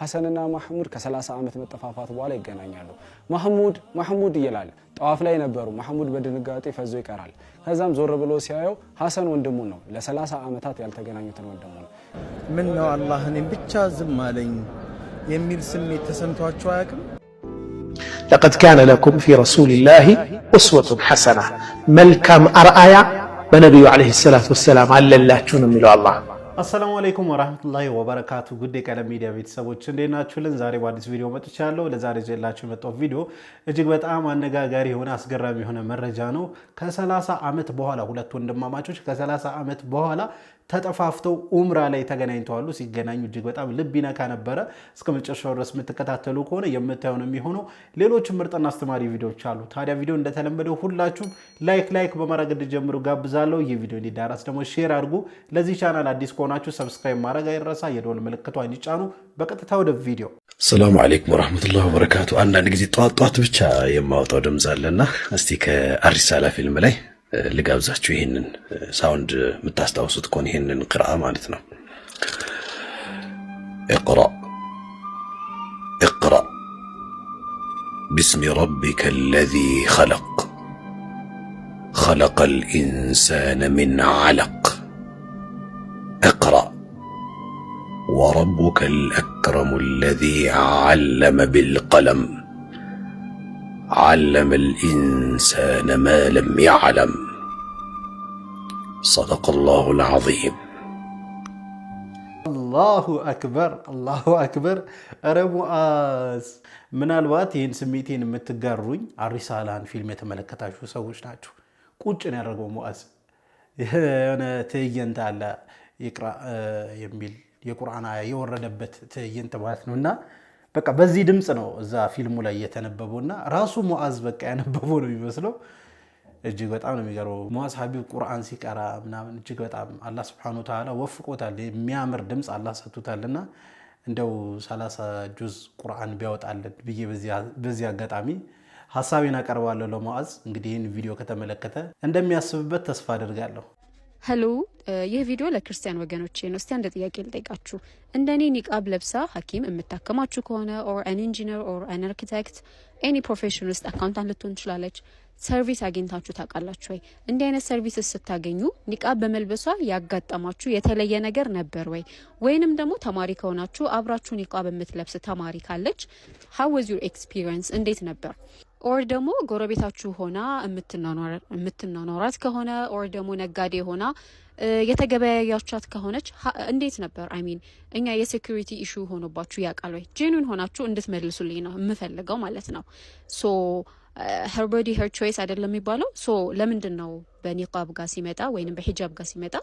ሐሰንና ማህሙድ ከ30 ዓመት መጠፋፋት በኋላ ይገናኛሉ። ማህሙድ ማህሙድ ይላል። ጠዋፍ ላይ ነበሩ። ማህሙድ በድንጋጤ ፈዞ ይቀራል። ከዛም ዞር ብሎ ሲያየው ሐሰን ወንድሙ ነው። ለ30 ዓመታት ያልተገናኙትን ወንድሙ ነው። ምን ነው አላህ እኔም ብቻ ዝም አለኝ የሚል ስሜት ተሰምቷቸው አያውቅም? ለቀድ ካነ ለኩም ፊ ረሱሊላሂ ኡስወቱን ሐሰና መልካም አርአያ በነቢዩ ዓለይሂ ሰላቱ ወሰላም አለላችሁ ነው የሚለው አላህ አሰላሙ አለይኩም ወራህመቱላሂ ወበረካቱ። ጉዴ የቀለም ሚዲያ ቤተሰቦች እንዴት ናችሁልን? ዛሬ በአዲስ ቪዲዮ መጥቻለሁ። ለዛሬ ይዤላችሁ የመጣሁት ቪዲዮ እጅግ በጣም አነጋጋሪ የሆነ አስገራሚ የሆነ መረጃ ነው። ከ30 ዓመት በኋላ ሁለት ወንድማማቾች ከ30 ዓመት በኋላ ተጠፋፍተው ኡምራ ላይ ተገናኝተዋሉ። ሲገናኙ እጅግ በጣም ልብ ይነካ ነበረ። እስከ መጨረሻው ድረስ የምትከታተሉ ከሆነ የምታየው የሚሆነው ሌሎች ምርጥና አስተማሪ ቪዲዮዎች አሉ። ታዲያ ቪዲዮ እንደተለመደው ሁላችሁም ላይክ ላይክ በማድረግ እንድጀምሩ ጋብዛለሁ። ይህ ቪዲዮ እንዲዳረስ ደግሞ ሼር አድርጉ። ለዚህ ቻናል አዲስ ከሆናችሁ ሰብስክራይብ ማድረግ አይረሳ፣ የደወል ምልክቷ እንዲጫኑ በቀጥታ ወደ ቪዲዮ። ሰላም አለይኩም ወረህመቱላህ ወበረካቱ። አንዳንድ ጊዜ ጠዋት ጠዋት ብቻ የማወጣው ድምፅ አለና እስቲ ከአሪሳላ ፊልም ላይ ልጋብዛችሁ ይህንን ሳውንድ የምታስታውሱት ከሆነ ይህንን هنن ማለት مالتنا اقرأ اقرأ باسم ربك الذي خلق خلق الإنسان من علق اقرأ وربك الأكرم الذي علم بالقلم علم الانسان ما لم يعلم صدق الله العظيم الله اكبر الله اكبر رمواس من الوقت ين سميتين متقروي الرساله فيلم يتملكتها شو ناتو ቁጭ ነው ያደረገው ሙአዝ أنا ትዕይንት አለ يقرأ آه، يميل يقرأ أنا ትዕይንት ማለት ነው እና በቃ በዚህ ድምፅ ነው እዛ ፊልሙ ላይ የተነበበው እና ራሱ ሙዓዝ በቃ ያነበበው ነው የሚመስለው። እጅግ በጣም ነው የሚገርመው። ሙዓዝ ሀቢብ ቁርአን ሲቀራ ምናምን እጅግ በጣም አላህ ስብሐነሁ ወተዓላ ወፍቆታል። የሚያምር ድምፅ አላህ ሰጥቶታልና እንደው ሰላሳ ጁዝ ቁርአን ቢያወጣለን ብዬ በዚህ አጋጣሚ ሀሳቤን አቀርባለሁ ለሙዓዝ። እንግዲህ ይህን ቪዲዮ ከተመለከተ እንደሚያስብበት ተስፋ አድርጋለሁ። ሄሎ ይህ ቪዲዮ ለክርስቲያን ወገኖቼ ነው። እስቲ አንድ ጥያቄ ልጠይቃችሁ። እንደ እኔ ኒቃብ ለብሳ ሐኪም የምታከማችሁ ከሆነ ኦር አን ኢንጂነር ኦር አን አርኪቴክት ኤኒ ፕሮፌሽን ውስጥ አካውንታንት ልትሆን ትችላለች። ሰርቪስ አግኝታችሁ ታውቃላችሁ ወይ? እንዲህ አይነት ሰርቪስ ስታገኙ ኒቃብ በመልበሷ ያጋጠማችሁ የተለየ ነገር ነበር ወይ? ወይንም ደግሞ ተማሪ ከሆናችሁ አብራችሁ ኒቃብ የምትለብስ ተማሪ ካለች ሀው ወዝ ዩር ኤክስፒሪየንስ እንዴት ነበር? ኦር ደግሞ ጎረቤታችሁ ሆና የምትናኗራት ከሆነ ኦር ደግሞ ነጋዴ ሆና የተገበያያቻት ከሆነች እንዴት ነበር? አይሚን እኛ የሴኩሪቲ ኢሹ ሆኖባችሁ ያውቃል ወይ? ጄኑን ሆናችሁ እንድትመልሱልኝ ነው የምፈልገው ማለት ነው። ሶ ሄር ቦዲ ሄር ቾይስ አይደለም የሚባለው። ሶ ለምንድን ነው በኒቃብ ጋር ሲመጣ ወይም በሂጃብ ጋር ሲመጣ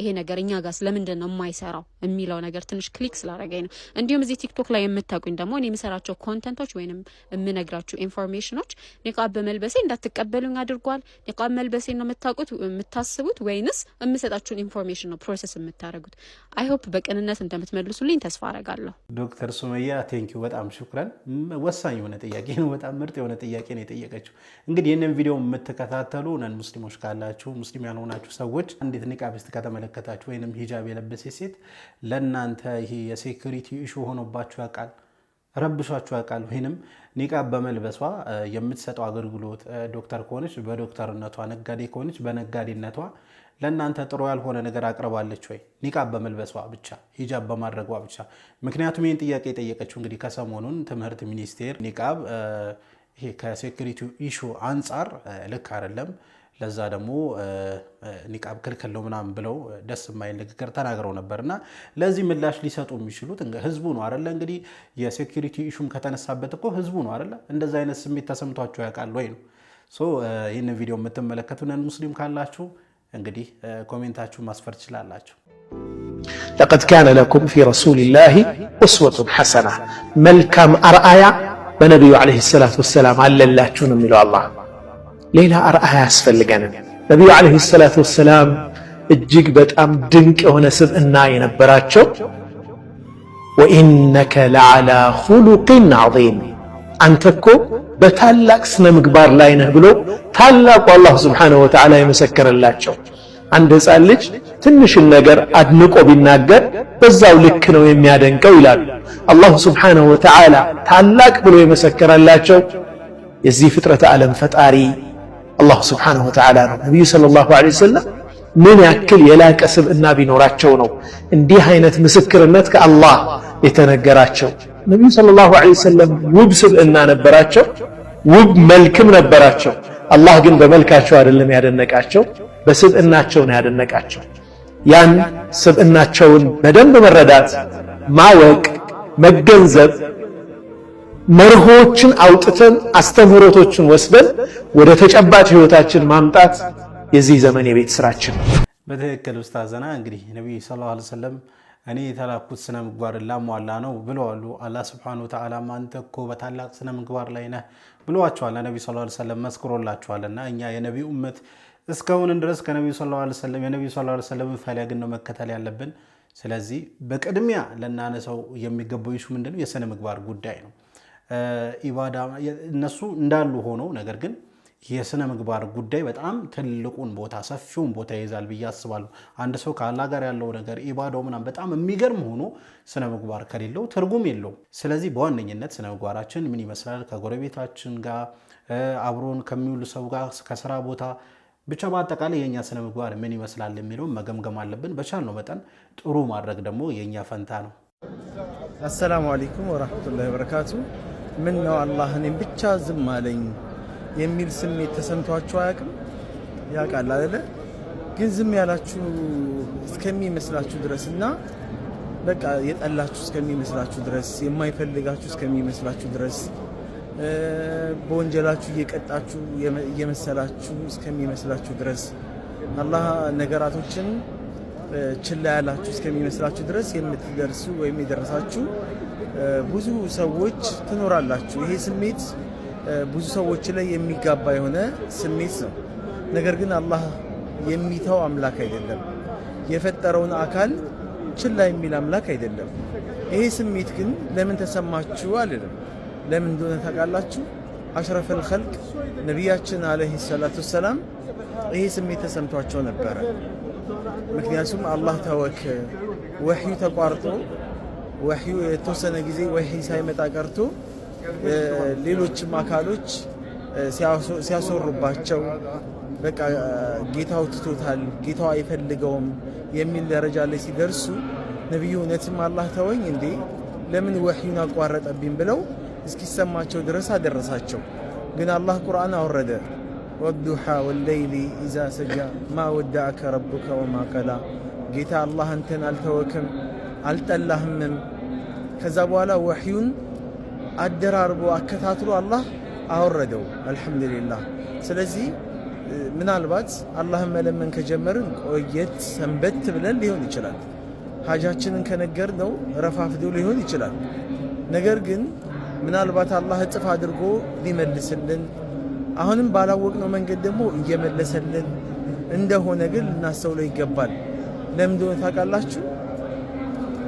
ይሄ ነገር እኛ ጋር ስለምንድን ነው የማይሰራው የሚለው ነገር ትንሽ ክሊክ ስላደረገኝ ነው። እንዲሁም እዚህ ቲክቶክ ላይ የምታውቁኝ ደግሞ እኔ የምሰራቸው ኮንተንቶች ወይም የምነግራችሁ ኢንፎርሜሽኖች ኒቃብ በመልበሴ እንዳትቀበሉኝ አድርጓል። ኒቃብ መልበሴ ነው የምታውቁት የምታስቡት፣ ወይንስ የምሰጣችሁን ኢንፎርሜሽን ነው ፕሮሰስ የምታደርጉት? አይሆፕ በቅንነት እንደምትመልሱልኝ ተስፋ አረጋለሁ። ዶክተር ሱመያ ቴንኪዩ፣ በጣም ሽኩረን። ወሳኝ የሆነ ጥያቄ ነው። በጣም ምርጥ የሆነ ጥያቄ ነው የጠየቀችው። እንግዲህ ይህንን ቪዲዮ የምትከታተሉ ነን ሙስሊሞች ካለ ያላችሁ ሙስሊም ያልሆናችሁ ሰዎች አንዲት ኒቃቢስት ከተመለከታችሁ ወይም ሂጃብ የለበሰች ሴት ለእናንተ ይሄ የሴኩሪቲ ኢሹ ሆኖባችሁ ያውቃል ረብሷችሁ ያውቃል? ወይንም ኒቃብ በመልበሷ የምትሰጠው አገልግሎት ዶክተር ከሆነች በዶክተርነቷ፣ ነጋዴ ከሆነች በነጋዴነቷ ለእናንተ ጥሩ ያልሆነ ነገር አቅርባለች ወይ? ኒቃብ በመልበሷ ብቻ ሂጃብ በማድረጓ ብቻ። ምክንያቱም ይህን ጥያቄ የጠየቀችው እንግዲህ ከሰሞኑን ትምህርት ሚኒስቴር ኒቃብ ይሄ ከሴኩሪቲ ኢሹ አንጻር ልክ አይደለም ለዛ ደግሞ ኒቃብ ክልክል ነው ምናምን ብለው ደስ የማይል ንግግር ተናግረው ነበር እና ለዚህ ምላሽ ሊሰጡ የሚችሉት ህዝቡ ነው አደለ? እንግዲህ የሴኪሪቲ ኢሹም ከተነሳበት እኮ ህዝቡ ነው አደለ? እንደዚ አይነት ስሜት ተሰምቷቸው ያውቃል ወይ ነው። ሶ ይህንን ቪዲዮ የምትመለከቱ ነን ሙስሊም ካላችሁ እንግዲህ ኮሜንታችሁ ማስፈር ትችላላችሁ። ለቀድ ካነ ለኩም ፊ ረሱሊላሂ ኡስወቱን ሐሰና መልካም አርአያ በነቢዩ ዓለይሂ ሰላቱ ወሰላም አለላችሁ ነው የሚለው አላህ ሌላ አርአያ ያስፈልገንም። ነቢዩ ዓለይሂ ሰላቱ ወሰላም እጅግ በጣም ድንቅ የሆነ ስብዕና የነበራቸው ወኢነከ ለዓላ ኹሉቅን ዐዚም አንተ እኮ በታላቅ ስነ ምግባር ላይ ነህ ብሎ ታላቁ አላሁ ሱብሓነሁ ወተዓላ የመሰከረላቸው። አንድ ሕፃን ልጅ ትንሽን ነገር አድንቆ ቢናገር በዛው ልክ ነው የሚያደንቀው ይላሉ። አላሁ ሱብሓነሁ ወተዓላ ታላቅ ብሎ የመሰከረላቸው የዚህ ፍጥረት ዓለም ፈጣሪ አላሁ ስብሓነሁ ወተዓላ ነው። ነቢዩ ሰለላሁ ዐለይሂ ወሰለም ምን ያክል የላቀ ስብዕና ቢኖራቸው ነው እንዲህ አይነት ምስክርነት ከአላህ የተነገራቸው? ነቢዩ ሰለላሁ ዐለይሂ ወሰለም ውብ ስብዕና ነበራቸው፣ ውብ መልክም ነበራቸው። አላህ ግን በመልካቸው አይደለም ያደነቃቸው፣ በስብዕናቸው ነው ያደነቃቸው። ያን ስብዕናቸውን በደንብ መረዳት ማወቅ መገንዘብ መርሆችን አውጥተን አስተምህሮቶችን ወስደን ወደ ተጨባጭ ህይወታችን ማምጣት የዚህ ዘመን የቤት ስራችን ነው። በትክክል ኡስታዘና እንግዲህ ነቢዩ ሰለላሁ ዐለይሂ ወሰለም እኔ የተላኩት ስነ ምግባር ላሟላ ነው ብለዋሉ። አላህ ሱብሓነሁ ወተዓላ አንተ እኮ በታላቅ ስነ ምግባር ላይ ነህ ብለዋቸዋል። ነቢዩ ሰለላሁ ዐለይሂ ወሰለም መስክሮላቸዋል። እና እኛ የነቢዩ እመት እስካሁንን ድረስ ከነቢዩ ሰለላሁ ዐለይሂ ወሰለም የነቢዩ ሰለላሁ ዐለይሂ ወሰለም ፈለግን ነው መከተል ያለብን። ስለዚህ በቅድሚያ ለናነሰው የሚገባው ይሹ ምንድነው የስነ ምግባር ጉዳይ ነው። ኢባዳ እነሱ እንዳሉ ሆነው ነገር ግን የስነ ምግባር ጉዳይ በጣም ትልቁን ቦታ ሰፊውን ቦታ ይይዛል ብዬ አስባለሁ። አንድ ሰው ከአላ ጋር ያለው ነገር ኢባዳው ምናምን በጣም የሚገርም ሆኖ ስነ ምግባር ከሌለው ትርጉም የለውም። ስለዚህ በዋነኝነት ስነ ምግባራችን ምን ይመስላል ከጎረቤታችን ጋር አብሮን ከሚውሉ ሰው ጋር ከስራ ቦታ ብቻ በአጠቃላይ የእኛ ስነ ምግባር ምን ይመስላል የሚለውን መገምገም አለብን። በቻልነው መጠን ጥሩ ማድረግ ደግሞ የእኛ ፈንታ ነው። አሰላሙ አለይኩም ወራህመቱላሂ ወበረካቱ ምን ነው አላህ እኔም ብቻ ዝም አለኝ የሚል ስሜት ተሰምቷችሁ አያውቅም? ያውቃል አይደለ? ግን ዝም ያላችሁ እስከሚመስላችሁ ድረስ እና በቃ የጠላችሁ እስከሚመስላችሁ ድረስ የማይፈልጋችሁ እስከሚመስላችሁ ድረስ በወንጀላችሁ እየቀጣችሁ እየመሰላችሁ እስከሚመስላችሁ ድረስ አላህ ነገራቶችን ችላ ያላችሁ እስከሚመስላችሁ ድረስ የምትደርሱ ወይም የደረሳችሁ ብዙ ሰዎች ትኖራላችሁ። ይሄ ስሜት ብዙ ሰዎች ላይ የሚጋባ የሆነ ስሜት ነው። ነገር ግን አላህ የሚተው አምላክ አይደለም። የፈጠረውን አካል ችላ የሚል አምላክ አይደለም። ይሄ ስሜት ግን ለምን ተሰማችሁ አልልም። ለምን እንደሆነ ታውቃላችሁ? አሽረፈል ኸልቅ ነቢያችን አለይሂ ሰላቱ ሰላም ይሄ ስሜት ተሰምቷቸው ነበረ። ምክንያቱም አላህ ተወክ ወህዩ ተቋርጦ ወህዩ የተወሰነ ጊዜ ወህይ ሳይመጣ ቀርቶ ሌሎችም አካሎች ሲያስወሩባቸው በቃ ጌታው ትቶታል፣ ጌታው አይፈልገውም የሚል ደረጃ ላይ ሲደርሱ ነቢዩ እውነትም አላህ ተወኝ እንዴ ለምን ወህዩን አቋረጠብኝ ብለው እስኪሰማቸው ድረስ አደረሳቸው። ግን አላህ ቁርአን አወረደ። ወዱሓ ወለይሊ ኢዛ ሰጃ ማ ወዳአከ ረቡከ ወማ ቀላ ጌታ አላህ አንተን አልተወክም አልጠላህምም ከዛ በኋላ ወሕዩን አደራርቦ አከታትሎ አላህ አወረደው። አልሐምዱሊላህ። ስለዚህ ምናልባት አላህን መለመን ከጀመርን ቆየት ሰንበት ብለን ሊሆን ይችላል። ሀጃችንን ከነገር ነው ረፋፍዶ ሊሆን ይችላል። ነገር ግን ምናልባት አላህ እጥፍ አድርጎ ሊመልስልን አሁንም ባላወቅነው መንገድ ደግሞ እየመለሰልን እንደሆነ ግን ልናስተውለው ይገባል። ለምንድነው ታውቃላችሁ?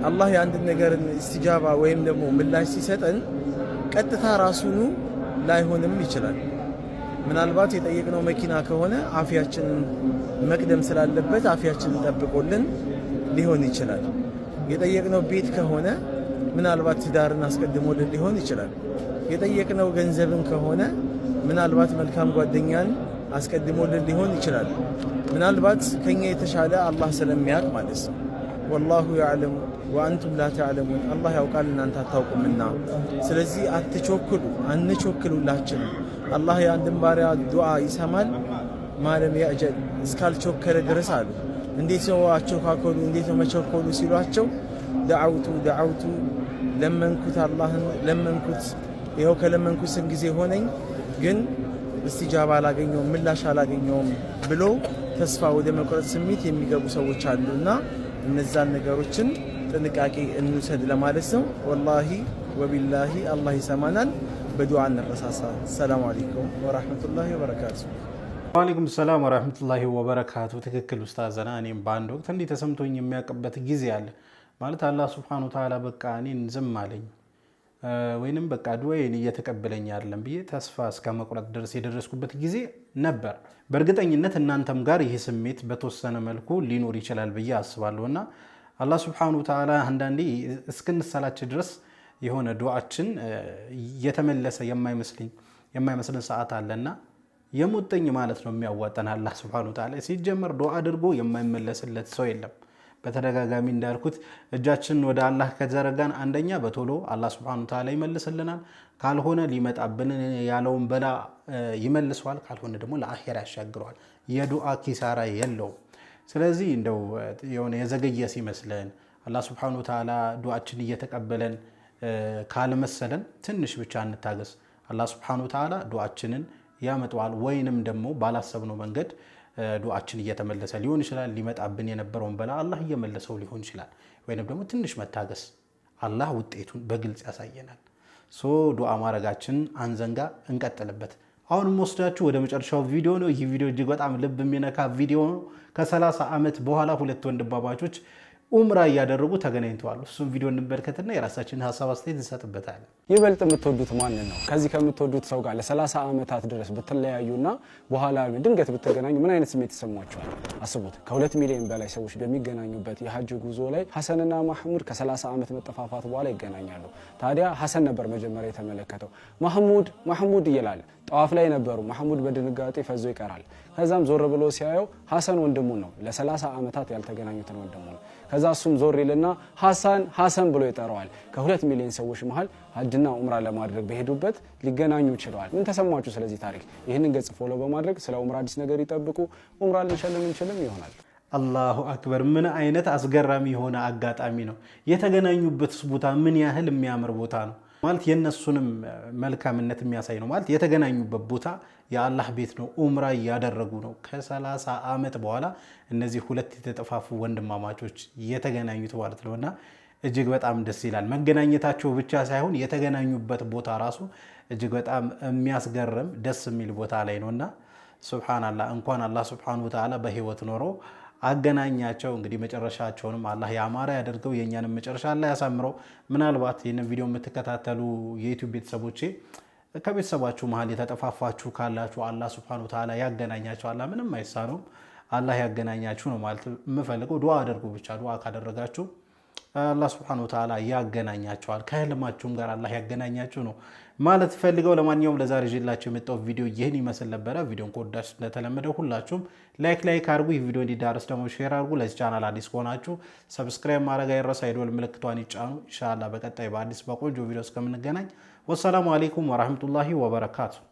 አላህ የአንድን ነገርን ኢስቲጃባ ወይም ደግሞ ምላሽ ሲሰጠን ቀጥታ ራሱኑ ላይሆንም ይችላል። ምናልባት የጠየቅነው መኪና ከሆነ አፍያችንን መቅደም ስላለበት አፍያችንን ጠብቆልን ሊሆን ይችላል። የጠየቅነው ቤት ከሆነ ምናልባት ትዳርን አስቀድሞልን ሊሆን ይችላል። የጠየቅነው ገንዘብን ከሆነ ምናልባት መልካም ጓደኛን አስቀድሞልን ሊሆን ይችላል። ምናልባት ከኛ የተሻለ አላህ ስለሚያውቅ ማለት ነው። ወላሁ ያዕለሙ ወአንቱም ላ ተዕለሙን አላህ ያውቃል እናንተ አታውቁምና። ስለዚህ አትቾክሉ፣ አንቾክሉላችን አላህ የአንድን ባሪያ ዱዓ ይሰማል ማለም ያዕጀል እስካልቾከለ ድረስ አሉ። እንዴት ነው አቾካከሉ? እንዴት ነው መቸኮሉ? ሲሏቸው ደዓውቱ ደዓውቱ ለመንኩት፣ አላህን ለመንኩት፣ ይኸው ከለመንኩት ስንት ጊዜ ሆነኝ፣ ግን እስቲጃባ አላገኘውም፣ ምላሽ አላገኘውም ብሎ ተስፋ ወደ መቁረጥ ስሜት የሚገቡ ሰዎች አሉና እነዛን ነገሮችን ጥንቃቄ እንውሰድ ለማለት ነው። ወላሂ ወቢላሂ አላህ ይሰማናል። በዱዓ እንረሳሳ። ሰላም አለይኩም ወራህመቱላሂ ወበረካቱ። ዋሌኩም ሰላም ወራህመቱላሂ ወበረካቱ። ትክክል ኡስታዘና። እኔም በአንድ ወቅት እንዲህ ተሰምቶኝ የሚያውቅበት ጊዜ አለ። ማለት አላህ ሱብሓነሁ ወተዓላ በቃ እኔን ዝም አለኝ ወይንም በቃ ዱዓዬን እየተቀበለኝ አይደለም ብዬ ተስፋ እስከ መቁረጥ ድረስ የደረስኩበት ጊዜ ነበር። በእርግጠኝነት እናንተም ጋር ይህ ስሜት በተወሰነ መልኩ ሊኖር ይችላል ብዬ አስባለሁ እና አላህ ስብሐነሁ ወተዓላ አንዳንዴ እስክንሰላች ድረስ የሆነ ዱዓችን የተመለሰ የማይመስልኝ የማይመስልን ሰዓት አለና የሙጥኝ ማለት ነው የሚያዋጠን። አላህ ስብሐነሁ ወተዓላ ሲጀመር ዱዓ አድርጎ የማይመለስለት ሰው የለም። በተደጋጋሚ እንዳልኩት እጃችንን ወደ አላህ ከዘረጋን አንደኛ በቶሎ አላህ ስብሐነሁ ወተዓላ ይመልስልናል፣ ካልሆነ ሊመጣብን ያለውን በላ ይመልሰዋል፣ ካልሆነ ደግሞ ለአኼራ ያሻግረዋል። የዱዓ ኪሳራ የለውም። ስለዚህ እንደው የሆነ የዘገየ ሲመስለን አላህ ስብሐነሁ ወተዓላ ዱዓችን እየተቀበለን ካልመሰለን ትንሽ ብቻ እንታገስ። አላህ ስብሐነሁ ወተዓላ ዱዓችንን ያመጣዋል። ወይንም ደግሞ ባላሰብነው መንገድ ዱዓችን እየተመለሰ ሊሆን ይችላል። ሊመጣብን የነበረውን በላ አላህ እየመለሰው ሊሆን ይችላል። ወይንም ደግሞ ትንሽ መታገስ አላህ ውጤቱን በግልጽ ያሳየናል። ሶ ዱዓ ማድረጋችንን አንዘንጋ፣ እንቀጥልበት። አሁንም ወስዳችሁ ወደ መጨረሻው ቪዲዮ ነው። ይህ ቪዲዮ እጅግ በጣም ልብ የሚነካ ቪዲዮ ነው። ከ30 ዓመት በኋላ ሁለት ወንድማማቾች ኡምራ እያደረጉ ተገናኝተዋል። እሱም ቪዲዮ እንመልከትና የራሳችንን ሀሳብ አስተያየት እንሰጥበታለን። ይበልጥ የምትወዱት ማንን ነው? ከዚህ ከምትወዱት ሰው ጋር ለ30 ዓመታት ድረስ ብትለያዩና በኋላ ድንገት ብትገናኙ ምን አይነት ስሜት ይሰማቸዋል? አስቡት። ከሁለት ሚሊዮን በላይ ሰዎች በሚገናኙበት የሀጅ ጉዞ ላይ ሀሰንና ማህሙድ ከ30 ዓመት መጠፋፋት በኋላ ይገናኛሉ። ታዲያ ሀሰን ነበር መጀመሪያ የተመለከተው። ማህሙድ ማህሙድ ይላል ጠዋፍ ላይ ነበሩ። መሐሙድ በድንጋጤ ፈዞ ይቀራል። ከዛም ዞር ብሎ ሲያየው ሐሰን ወንድሙ ነው። ለ30 ዓመታት ያልተገናኙትን ወንድሙ ነው። ከዛ እሱም ዞር ይልና ሐሳን ሐሰን ብሎ ይጠራዋል። ከሁለት ሚሊዮን ሰዎች መሃል ሀጅና ኡምራ ለማድረግ በሄዱበት ሊገናኙ ችለዋል። ምን ተሰማችሁ ስለዚህ ታሪክ? ይህንን ገጽ ፎሎ በማድረግ ስለ ኡምራ አዲስ ነገር ይጠብቁ። ኡምራ ልንሸልም እንችልም ይሆናል። አላሁ አክበር! ምን አይነት አስገራሚ የሆነ አጋጣሚ ነው! የተገናኙበት ቦታ ምን ያህል የሚያምር ቦታ ነው! ማለት የእነሱንም መልካምነት የሚያሳይ ነው። ማለት የተገናኙበት ቦታ የአላህ ቤት ነው። ኡምራ እያደረጉ ነው። ከሰላሳ ዓመት በኋላ እነዚህ ሁለት የተጠፋፉ ወንድማማቾች የተገናኙት ማለት ነው እና እጅግ በጣም ደስ ይላል። መገናኘታቸው ብቻ ሳይሆን የተገናኙበት ቦታ ራሱ እጅግ በጣም የሚያስገርም ደስ የሚል ቦታ ላይ ነው እና ሱብሃናላህ እንኳን አላህ ሱብሃነሁ ወተዓላ በህይወት ኖረው አገናኛቸው። እንግዲህ መጨረሻቸውንም አላህ ያማረ ያደርገው፣ የእኛንም መጨረሻ አላህ ያሳምረው። ምናልባት ይህንን ቪዲዮ የምትከታተሉ የዩቱብ ቤተሰቦቼ ከቤተሰባችሁ መሀል የተጠፋፋችሁ ካላችሁ አላህ ሱብሃነሁ ወተዓላ ያገናኛቸው። አላህ ምንም አይሳነውም። አላህ ያገናኛችሁ ነው ማለት የምፈልገው። ዱዓ አድርጉ ብቻ ዱዓ ካደረጋችሁ አላህ ስብሐነሁ ወተዓላ ያገናኛቸዋል። ከህልማችሁም ጋር አላህ ያገናኛችሁ ነው ማለት ፈልገው። ለማንኛውም ለዛሬ ይዤላችሁ የመጣሁት ቪዲዮ ይህን ይመስል ነበረ። ቪዲዮን ከወዳችሁ እንደተለመደው ሁላችሁም ላይክ ላይክ አድርጉ። ይህ ቪዲዮ እንዲዳረስ ደግሞ ሼር አድርጉ። ለዚህ ቻናል አዲስ ከሆናችሁ ሰብስክራይብ ማድረግ አይረሳ። የደወል ምልክቷን ይጫኑ። ኢንሻላህ በቀጣይ በአዲስ በቆንጆ ቪዲዮ እስከምንገናኝ ወሰላሙ አሌይኩም ወረህመቱላሂ ወበረካቱ።